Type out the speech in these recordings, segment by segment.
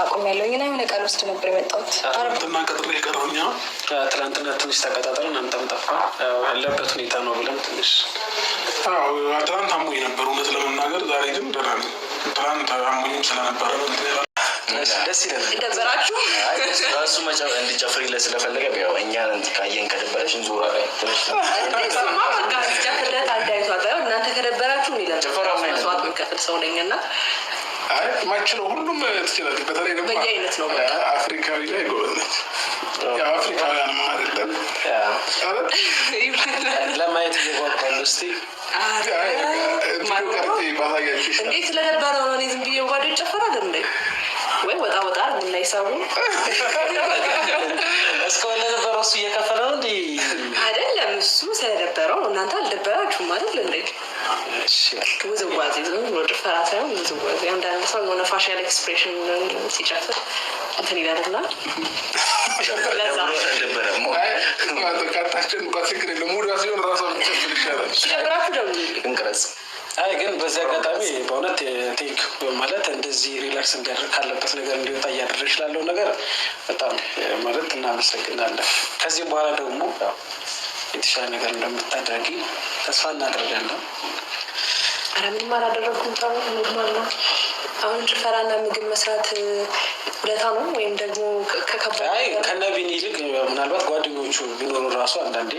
አቁም ያለው እኛ የሆነ ቀን ውስጥ ነበር የመጣሁት። ትናንትና ቀጥሬ የቀረውኛ ትናንትና ትንሽ ተቀጣጥረን እናንተም ጠፋ ያለበት ሁኔታ ነው ብለን ትንሽ ትናንት አሞኝ ነበር እውነት ለመናገር ዛሬ ግን ደህና ነኝ። ትናንት አሞኝም ስለነበረ ደስ ይላል። ደበራችሁ እሱ መጫ እንዲጨፍር ስለፈለገ እኛ ካየን ከደበረች እንዙራ ላይ እናንተ ከደበራችሁ ሰው ነኝ እና አይ ማችለው ሁሉም ትችላለች። በተለይ ደግሞ ነው። አፍሪካዊ ላይ ጎበዝ ነች። አፍሪካውያን አይደለም ለማየት እየጓጓሉ ስ እንዴት ለነበረው ነው ዝም ብዬ ጓዶ ይጨፈራል እንዴ ወይ ወጣ ወጣ ምናይ ሰው እስከሆነ ነበረው እሱ እየከፈለ ነው እንዲ አይደለም እሱ ስለነበረው እናንተ አልደበራችሁም ማለት እንዴ ውዝዋዜ ዝም ብሎ ጭፈራ ሳይሆን ውዝዋዜ። አንዳንድ ሰው የሆነ ፋሻል ኤክስፕሬሽን ሲጨፍር እንትን ይላልና አይ ግን በዚህ አጋጣሚ በእውነት ቴክ ማለት እንደዚህ ሪላክስ እንዲያደርግ ካለበት ነገር እንዲወጣ እያደረግ ይችላለው ነገር በጣም ማለት እናመሰግናለን። ከዚህም በኋላ ደግሞ የተሻለ ነገር እንደምታደርጊ ተስፋ እናደርጋለን። ኧረ ምንም አላደረኩም። ኖርማል ነው። አሁን ጭፈራና ምግብ መስራት ሁለታ ነው ወይም ደግሞ ከከባይ ከነ ቢኒ ይልቅ ምናልባት ጓደኞቹ ቢኖሩ ራሱ አንዳንዴ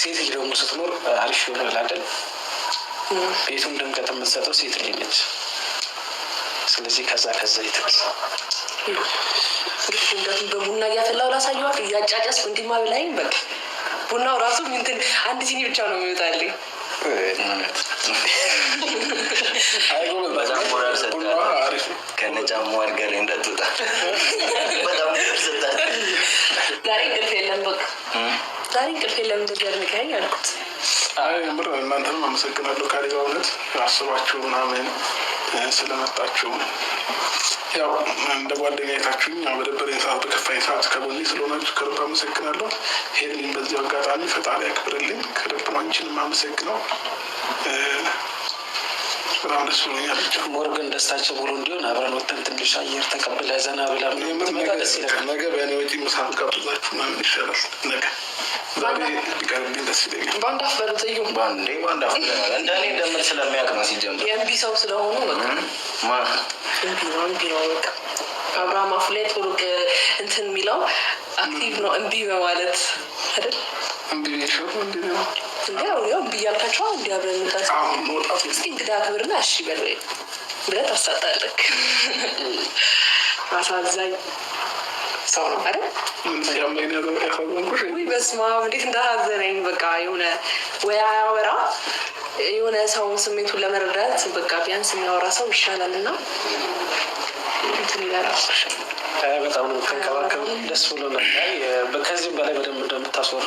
ሴት ልጅ ደግሞ ስትኖር አሪፍ ይሆናል አይደል? ቤቱን ድምቀት የምትሰጠው ሴት ልጅ ነች። ስለዚህ ከዛ ከዛ የተነሳ በቡና እያፈላው ላሳየዋት እያጫጫስ እንዲማብ ላይ በቃ ቡናው ራሱ እንትን አንድ ሲኒ ብቻ ነው የሚወጣልኝ። ከነጫማዋል ጋር እንዳትወጣ ዛሬ እንቅልፍ የለም በቃ ዛሬ እንቅልፍ የለም። አልኩት። አይ ምር እናንተንም አመሰግናለሁ። ካሪባ እውነት አስባችሁ ምናምን ስለመጣችሁ ያው እንደ ጓደኛ የታችሁኝ በደበረኝ ሰዓት በከፋኝ ሰዓት ከጎኔ ስለሆናችሁ ከልብ አመሰግናለሁ። ይህንን በዚህ አጋጣሚ ፈጣሪ ያክብርልኝ። ከልብ አንቺንም አመሰግነው። በጣም ደስ ብሎኛል። ደስታቸው ብሎ እንዲሆን አብረን ወተን ትንሽ አየር ተቀብለ ዘና ብላ ነገ በእኔ ወጪ ምሳ ምናምን ይሻላል። ነገ ቢቀርብኝ ደስ ይለኛል። በአንድ አፍ በአንድ አፍ እንደ እኔ ስለሚያውቅ ነው። ሲጀምር የእምቢ ሰው ስለሆኑ በቃ አብርሃም ላይ ጥሩ እንትን የሚለው አክቲቭ ነው እምቢ በማለት አይደል እምቢ ነው እንዲያው ብያካቸዋ እንዲያብረ መውጣት እስኪ እንግዳ ክብርና እሺ በል ብለህ ታሳጣለህ። አሳዛኝ ሰው ነው አይደል? በስመ አብ እንዴት እንዳሳዘነኝ በቃ የሆነ ወይ አያወራ የሆነ ሰው ስሜቱን ለመረዳት በቃ ቢያንስ የሚያወራ ሰው ይሻላል እና እንትን ይላል። በጣም ነው የምትንከባከብ። ደስ ብሎናል። ከዚህም በላይ በደንብ እንደምታስወሩ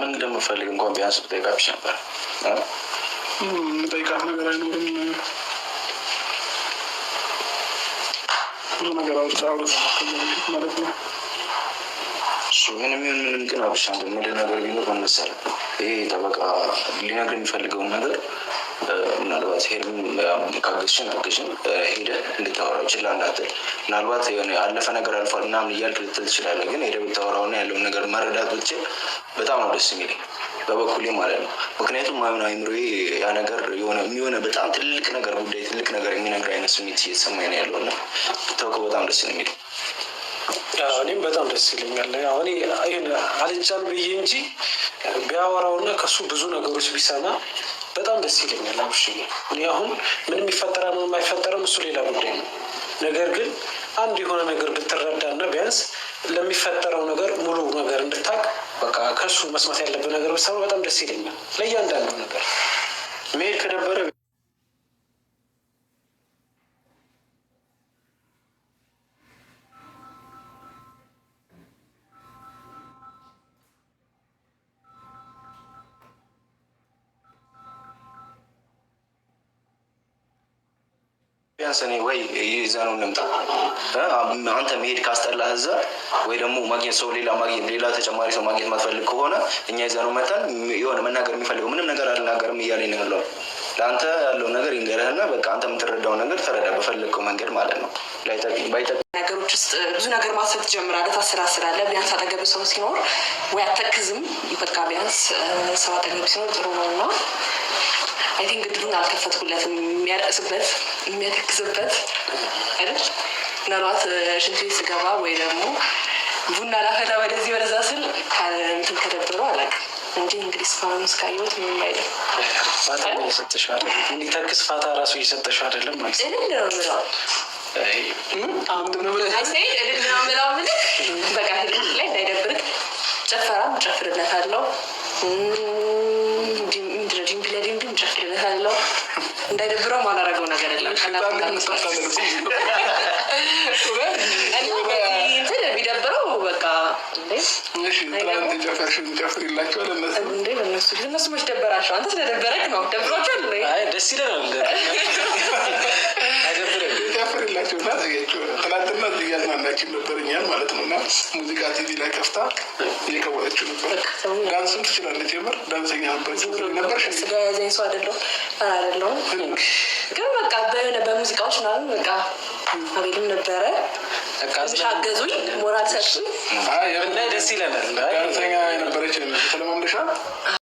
ምን እንደምፈልግ እንኳን ቢያንስ ብጠይቃብሽ ነበር። የምጠይቃት ነገር አይኖርም። ብዙ ነገር አውርታ ማለት ነው። ምንም ይሁን ምንም ግን አብሻ ምድ ነገር ቢኖር መመሰል ይሄ ጠበቃ ሊነግር የሚፈልገውን ነገር ምናልባት ሄድም ካገዝሽን አገዝሽን ሄደ እንድታወራው ይችላል እንዳትል ምናልባት የሆነ ያለፈ ነገር አልፏል ምናምን እያልክ ልትል ትችላለህ። ግን ሄደ ብታወራውና ያለውን ነገር መረዳት ብትችል በጣም ነው ደስ የሚለኝ በበኩሌ ማለት ነው። ምክንያቱም አሁን አይምሮ ያ ነገር የሆነ የሚሆነ በጣም ትልቅ ነገር ጉዳይ ትልቅ ነገር የሚነግር አይነት ስሜት እየተሰማኝ ነው ያለው ያለውና ብታውቀው በጣም ደስ ነው የሚለኝ። እኔም በጣም ደስ ይለኛል። ይህን አልጫን ብዬ እንጂ ቢያወራውና ከሱ ብዙ ነገሮች ቢሰማ በጣም ደስ ይለኛል። አብሽ እኔ አሁን ምንም ይፈጠራ ምንም አይፈጠርም እሱ ሌላ ጉዳይ ነው። ነገር ግን አንድ የሆነ ነገር ብትረዳና ቢያንስ ለሚፈጠረው ነገር ሙሉ ነገር እንድታቅ በቃ ከሱ መስማት ያለብህ ነገር ብሰማ በጣም ደስ ይለኛል። ለእያንዳንዱ ነገር መሄድ ከነበረ ቢያንስ እኔ ወይ ይዘነው እንምጣ፣ አንተ መሄድ ካስጠላ እዛ ወይ ደግሞ ማግኘት ሰው ሌላ ማግኘት ሌላ ተጨማሪ ሰው ማግኘት ማትፈልግ ከሆነ እኛ ይዘነው መጠን የሆነ መናገር የሚፈልገው ምንም ነገር አልናገርም እያለኝ ነው ያለው። ለአንተ ያለው ነገር ይንገረህና በቃ አንተ የምትረዳው ነገር ተረዳ፣ በፈለግከው መንገድ ማለት ነው። ነገሮች ውስጥ ብዙ ነገር ማሰብ ትጀምራለህ፣ ታሰላስላለህ። ቢያንስ አጠገብ ሰው ሲኖር ወይ አተክዝም፣ በቃ ቢያንስ ሰው አጠገብ ሲኖር ጥሩ ነው እና አይ ቲንክ እድሉን አልከፈትኩለትም የሚያለቅስበት የሚያተክስበት አይደል። ምናልባት ሽንት ቤት ስገባ ወይ ደግሞ ቡና ላፈላ ወደዚህ ወደዛ ስል እንትን ከደበረው አላውቅም እንጂ እንግዲህ እስካሁን እስካየሁት ምንም አይልም። እንዲተክስ ፋታ ራሱ እየሰጠሽ አይደለም ማለት ነው። እልል ነው የምለው እልል ነው ላይ እንዳይደብርህ ጨፈራም ጨፍርነት አለው እንዳይደብረው ማላረገው ነገር የለም። ቢደብረው በቃ እነሱ መች ደበራቸው? አንተ ስለደበረክ ነው። ደብሯቸው። ደስ ይለናል። አይደብርም። ጨፍርላቸው እና እያዝናናችን ነበር እኛን ማለት ነው። እና ሙዚቃ ቲቪ ላይ ከፍታ እየቀወጠችው ነበር። ዳንስም ትችላለች። የምር ዳንሰኛ ነበር። ስጋ ያዘኝ ሰው አይደለሁም አይደለሁም፣ ግን በቃ በሆነ በሙዚቃዎች ምናምን በቃ አቤልም ነበረ አገዙኝ፣ ሞራል ሰጡኝ ደስ ይለናል። ዳንሰኛ የነበረች ስለማምለሻ